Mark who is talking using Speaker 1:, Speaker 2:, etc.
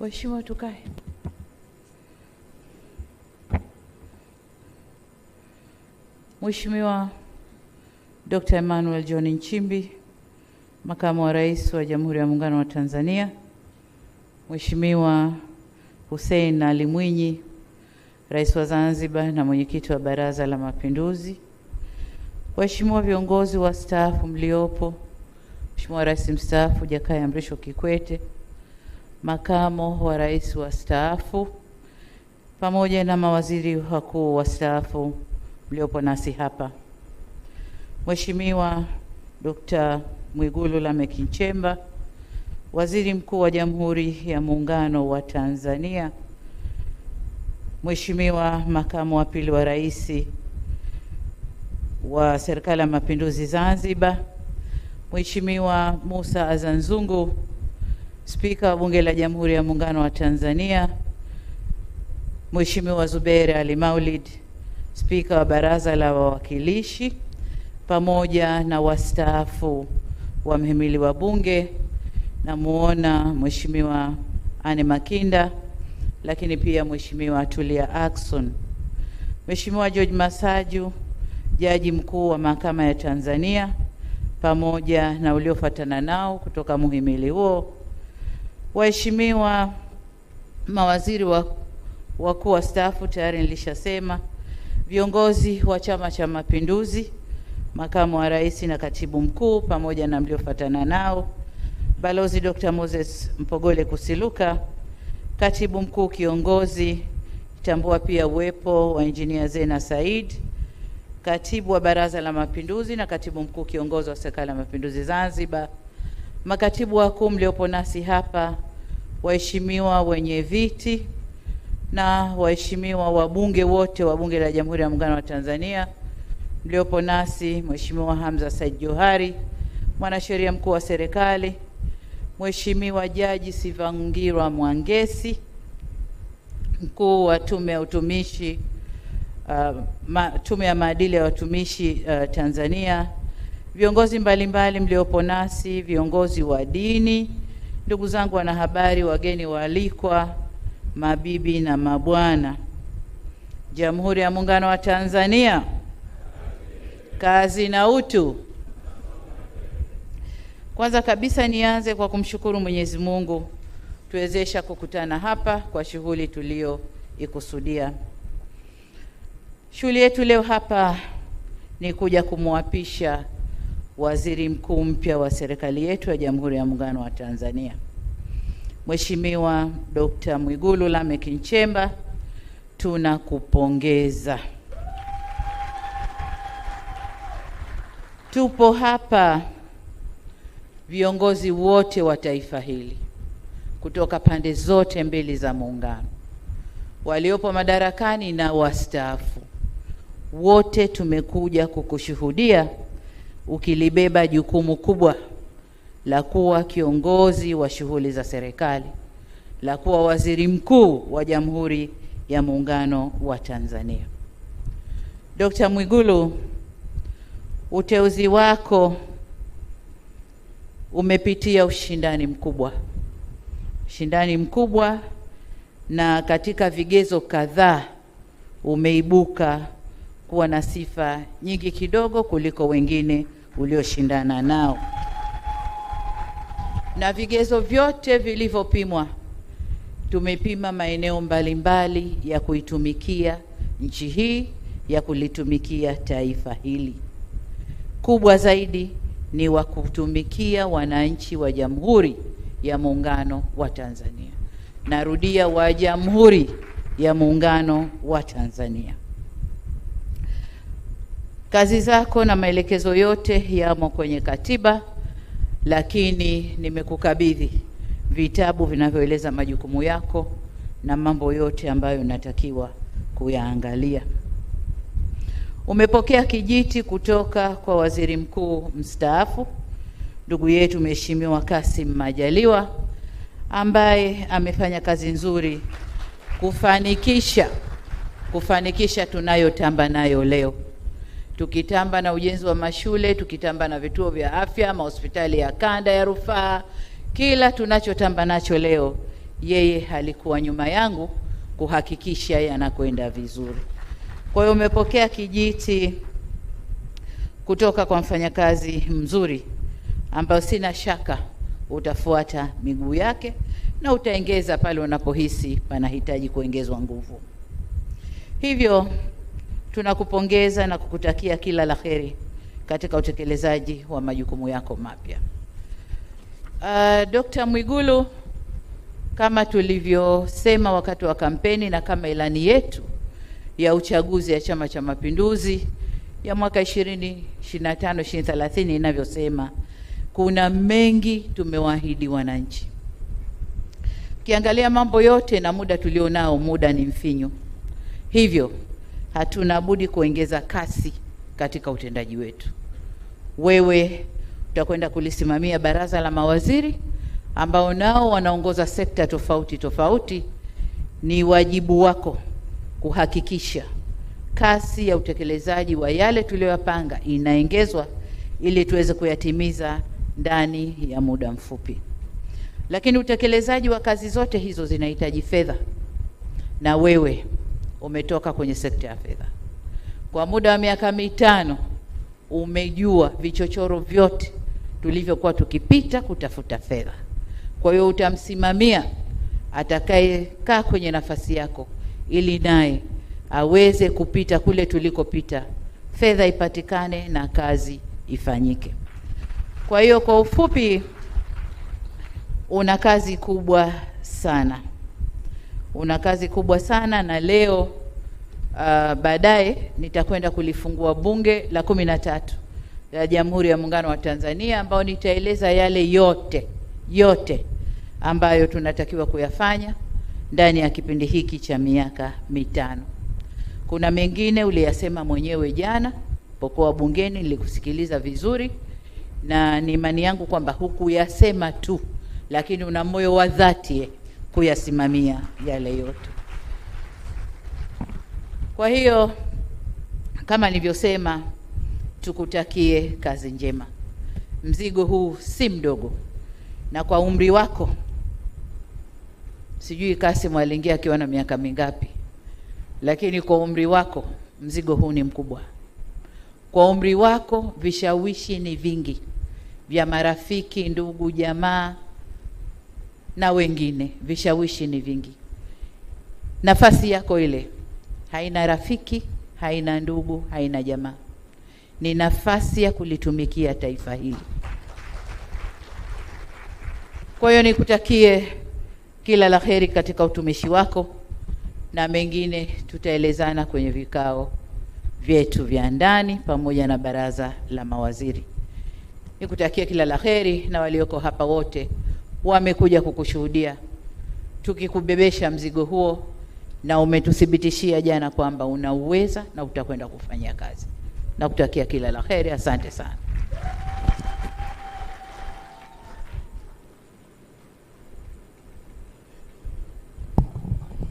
Speaker 1: Waheshimiwa, tukae. Mheshimiwa Dr. Emmanuel John Nchimbi, Makamu wa Rais wa Jamhuri ya Muungano wa Tanzania, Mheshimiwa Hussein Ali Mwinyi, Rais wa Zanzibar na Mwenyekiti wa Baraza la Mapinduzi, Waheshimiwa viongozi wa staafu mliopo, Mheshimiwa Rais Mstaafu Jakaya Mrisho Kikwete makamo wa rais wastaafu pamoja na mawaziri wakuu wastaafu mliopo nasi hapa, Mheshimiwa Dkt. Mwigulu Lameck Nchemba, Waziri Mkuu wa Jamhuri ya Muungano wa Tanzania, Mheshimiwa Makamu wa Pili wa Rais wa Serikali ya Mapinduzi Zanzibar, Mheshimiwa Musa Azanzungu Spika wa Bunge la Jamhuri ya Muungano wa Tanzania, Mheshimiwa Zubeir Ali Maulid, Spika wa Baraza la Wawakilishi, pamoja na wastaafu wa mhimili wa Bunge, namuona Mheshimiwa Anne Makinda, lakini pia Mheshimiwa Tulia Ackson, Mheshimiwa George Masaju, Jaji Mkuu wa Mahakama ya Tanzania, pamoja na uliofuatana nao kutoka muhimili huo Waheshimiwa mawaziri wakuu wastaafu, tayari nilishasema. Viongozi wa Chama cha Mapinduzi, makamu wa rais na katibu mkuu, pamoja na mliofatana nao, Balozi Dr. Moses Mpogole Kusiluka, katibu mkuu kiongozi, tambua pia uwepo wa Injinia Zena Said, katibu wa Baraza la Mapinduzi na katibu mkuu kiongozi wa Serikali ya Mapinduzi Zanzibar makatibu wakuu mliopo nasi hapa, waheshimiwa wenye viti na waheshimiwa wabunge wote wa Bunge la Jamhuri ya Muungano wa Tanzania mliopo nasi, Mheshimiwa Hamza Said Johari, mwanasheria mkuu wa serikali, Mheshimiwa Jaji Sivangirwa Mwangesi, mkuu wa tume ya utumishi uh, ma, tume ya maadili ya watumishi uh, Tanzania viongozi mbalimbali mliopo nasi, viongozi wa dini, ndugu zangu wanahabari, wageni waalikwa, mabibi na mabwana, Jamhuri ya Muungano wa Tanzania, kazi na utu. Kwanza kabisa nianze kwa kumshukuru Mwenyezi Mungu tuwezesha kukutana hapa kwa shughuli tuliyoikusudia. Shughuli yetu leo hapa ni kuja kumwapisha waziri mkuu mpya wa serikali yetu ya Jamhuri ya Muungano wa Tanzania, Mheshimiwa Dr. Mwigulu Lameck Nchemba, tunakupongeza. Tupo hapa viongozi wote wa taifa hili kutoka pande zote mbili za muungano, waliopo madarakani na wastaafu, wote tumekuja kukushuhudia ukilibeba jukumu kubwa la kuwa kiongozi wa shughuli za serikali, la kuwa waziri mkuu wa Jamhuri ya Muungano wa Tanzania. Dkt. Mwigulu, uteuzi wako umepitia ushindani mkubwa, ushindani mkubwa, na katika vigezo kadhaa umeibuka kuwa na sifa nyingi kidogo kuliko wengine ulioshindana nao, na vigezo vyote vilivyopimwa. Tumepima maeneo mbalimbali ya kuitumikia nchi hii, ya kulitumikia taifa hili. Kubwa zaidi ni wa kutumikia wananchi wa Jamhuri ya Muungano wa Tanzania. Narudia, wa Jamhuri ya Muungano wa Tanzania. Kazi zako na maelekezo yote yamo kwenye katiba, lakini nimekukabidhi vitabu vinavyoeleza majukumu yako na mambo yote ambayo unatakiwa kuyaangalia. Umepokea kijiti kutoka kwa Waziri Mkuu mstaafu ndugu yetu Mheshimiwa Kassim Majaliwa ambaye amefanya kazi nzuri kufanikisha kufanikisha tunayotamba nayo leo tukitamba na ujenzi wa mashule, tukitamba na vituo vya afya, mahospitali ya kanda ya rufaa, kila tunachotamba nacho leo, yeye alikuwa nyuma yangu kuhakikisha yanakwenda vizuri. Kwa hiyo umepokea kijiti kutoka kwa mfanyakazi mzuri ambayo sina shaka utafuata miguu yake na utaongeza pale unapohisi panahitaji kuongezwa nguvu. Hivyo tunakupongeza na kukutakia kila la heri katika utekelezaji wa majukumu yako mapya. Uh, Dr. Mwigulu, kama tulivyosema wakati wa kampeni na kama ilani yetu ya uchaguzi ya Chama cha Mapinduzi ya mwaka 2025 2030 inavyosema, kuna mengi tumewaahidi wananchi. Ukiangalia mambo yote na muda tulionao, muda ni mfinyu, hivyo hatuna budi kuongeza kasi katika utendaji wetu. Wewe utakwenda kulisimamia baraza la mawaziri ambao nao wanaongoza sekta tofauti tofauti. Ni wajibu wako kuhakikisha kasi ya utekelezaji wa yale tuliyoyapanga inaongezwa ili tuweze kuyatimiza ndani ya muda mfupi. Lakini utekelezaji wa kazi zote hizo zinahitaji fedha, na wewe umetoka kwenye sekta ya fedha. Kwa muda wa miaka mitano umejua vichochoro vyote tulivyokuwa tukipita kutafuta fedha. Kwa hiyo utamsimamia atakayekaa kwenye nafasi yako ili naye aweze kupita kule tulikopita, fedha ipatikane na kazi ifanyike. Kwa hiyo kwa ufupi, una kazi kubwa sana una kazi kubwa sana, na leo uh, baadaye nitakwenda kulifungua bunge la kumi na tatu la Jamhuri ya Muungano wa Tanzania, ambao nitaeleza yale yote yote ambayo tunatakiwa kuyafanya ndani ya kipindi hiki cha miaka mitano. Kuna mengine uliyasema mwenyewe jana pokuwa bungeni, nilikusikiliza vizuri, na ni imani yangu kwamba hukuyasema tu, lakini una moyo wa dhati kuyasimamia yale yote. Kwa hiyo kama nilivyosema, tukutakie kazi njema. Mzigo huu si mdogo, na kwa umri wako, sijui Kassim aliingia akiwa na miaka mingapi, lakini kwa umri wako mzigo huu ni mkubwa. Kwa umri wako vishawishi ni vingi vya marafiki, ndugu, jamaa na wengine. Vishawishi ni vingi. Nafasi yako ile haina rafiki, haina ndugu, haina jamaa, ni nafasi ya kulitumikia taifa hili. Kwa hiyo nikutakie kila la heri katika utumishi wako, na mengine tutaelezana kwenye vikao vyetu vya ndani pamoja na baraza la mawaziri. Nikutakie kila la heri na walioko hapa wote wamekuja kukushuhudia, tukikubebesha mzigo huo, na umetuthibitishia jana kwamba unauweza na utakwenda kufanya kazi. Nakutakia kila la heri, asante sana.